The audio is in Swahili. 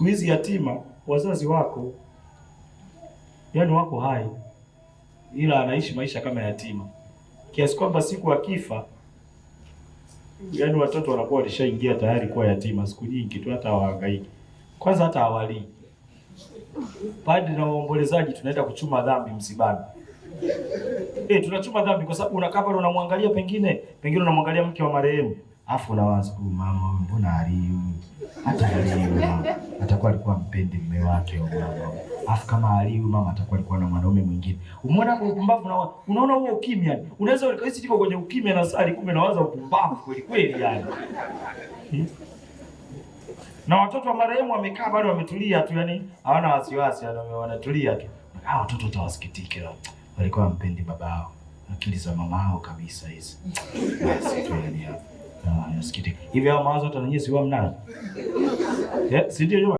Siku hizi yatima wazazi wako, yani wako hai, ila anaishi maisha kama yatima, kiasi kwamba siku akifa, yani watoto wanakuwa walishaingia tayari kuwa yatima siku nyingi tu, hata hawahangaiki kwanza, hata awali Padri na waombolezaji tunaenda kuchuma dhambi msibani. Eh, tunachuma dhambi kwa sababu unakaa pale unamwangalia, pengine pengine unamwangalia mke wa marehemu Afu la wazi huyu mama mbona aliyu hata aliyu atakuwa alikuwa mpendi mume wake huyo mama. Afu kama aliyu mama atakuwa alikuwa na mwanaume mwingine. Umeona kwa upumbavu na unaona huo ukimya. Unaweza ukahisi tiko kwenye ukimya na sali kumbe nawaza upumbavu kweli kweli yani. Hmm? Na watoto wa marehemu wamekaa bado wametulia tu yani hawana wasiwasi yani wanatulia tu. Hawa ah, watoto utawasikitike utawasikitika. Walikuwa mpendi babao. Akili za mamao kabisa hizi. Basi tu yani msikiti. Hivi hao mawazo hata nanyi siwa mnayo? Eh, si ndio?